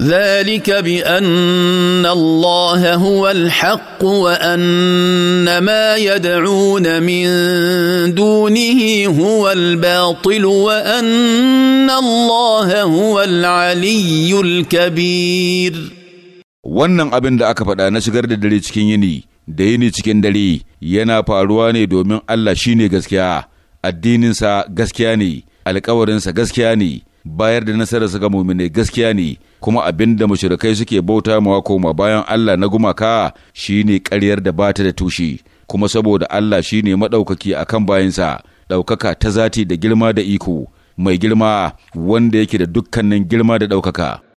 ذلك بان الله هو الحق وان ما يدعون من دونه هو الباطل وان الله هو العلي الكبير wannan abin da aka faɗa na shigar da dare cikin yini da yini cikin dare yana faruwa ne domin Allah shine gaskiya addininsa gaskiya ne alkawarinsa gaskiya ne bayar da nasararsa ga muminai gaskiya ne kuma abin da mashirikai suke bauta mawa koma bayan Allah na gumaka shine ƙaryar da bata da tushe kuma saboda Allah shine maɗaukaki a kan bayansa ɗaukaka ta zati da girma da iko mai girma wanda yake da dukkanin girma da ɗaukaka.